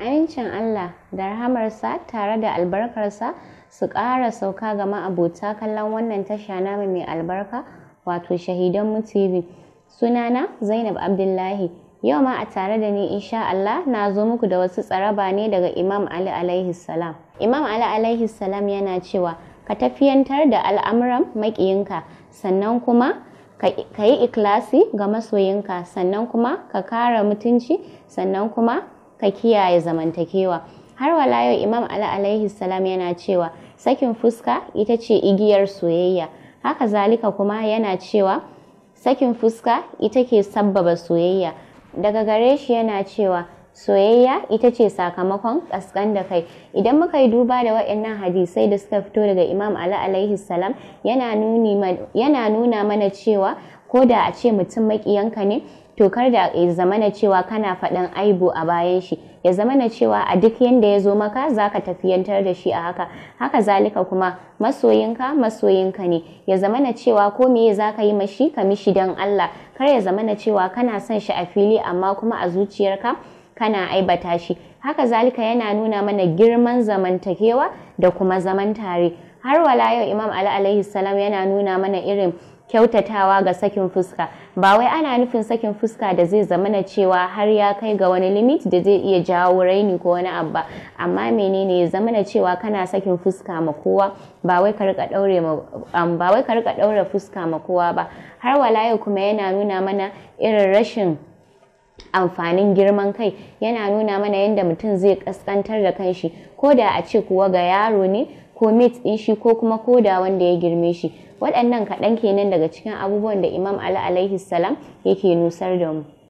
Amincin Allah da rahamarsa tare da albarkarsa su ƙara sauka ga ma'abota kallon wannan tasha namu mai albarka wato shahidan TV. Sunana Zainab Abdullahi. Yau ma a tare da ni insha Allah na zo muku da wasu tsaraba ne daga Imam Ali alaihi salam. Imam Ali alaihi salam yana cewa ka tafiyantar da al'amuran maƙiyinka sannan kuma ka yi ikilasi ga masoyinka sannan kuma ka kara mutunci sannan kuma ka kiyaye zamantakewa har wala yau imam ala alaihi salam yana cewa sakin fuska ita ce igiyar soyayya haka zalika kuma yana cewa sakin fuska ita ke sabbaba soyayya daga gare shi yana cewa soyayya ita ce sakamakon kaskan da kai idan muka yi duba da waɗannan hadisai da suka fito daga imam ala alaihi salam yana nuna mana cewa ko da a ce mutum makiyanka ne to kar da ya zamana cewa kana faɗan aibu a bayan shi ya zamana cewa a duk yanda ya zo maka zaka tafiyantar da shi a haka haka zalika kuma masoyinka masoyinka ne ya zamana cewa ko za zaka yi mashi ka mishi dan Allah kar ya zamana cewa kana son shi a fili amma kuma a zuciyarka kana aibata shi haka zalika yana nuna mana girman zamantakewa da kuma zaman tare har wala yau imam ali alaihi salam yana nuna mana irin kyautatawa ga sakin fuska ba wai ana nufin sakin fuska da zai zama na cewa har ya kai ga wani limit da zai iya jawo raini ko wani abba amma menene ya zama na cewa kana sakin fuska ma kowa ba wai ka rika daure ka daure fuska ma kowa ba har walaya kuma yana nuna mana irin rashin amfanin girman kai yana nuna mana yadda mutum zai kaskantar da kanshi ko da a ce kuwa ga yaro ne ko mate ɗin shi ko kuma koda wanda ya girme shi waɗannan kaɗan kenan daga cikin abubuwan da imam ali alaihi salam yake nusar da mu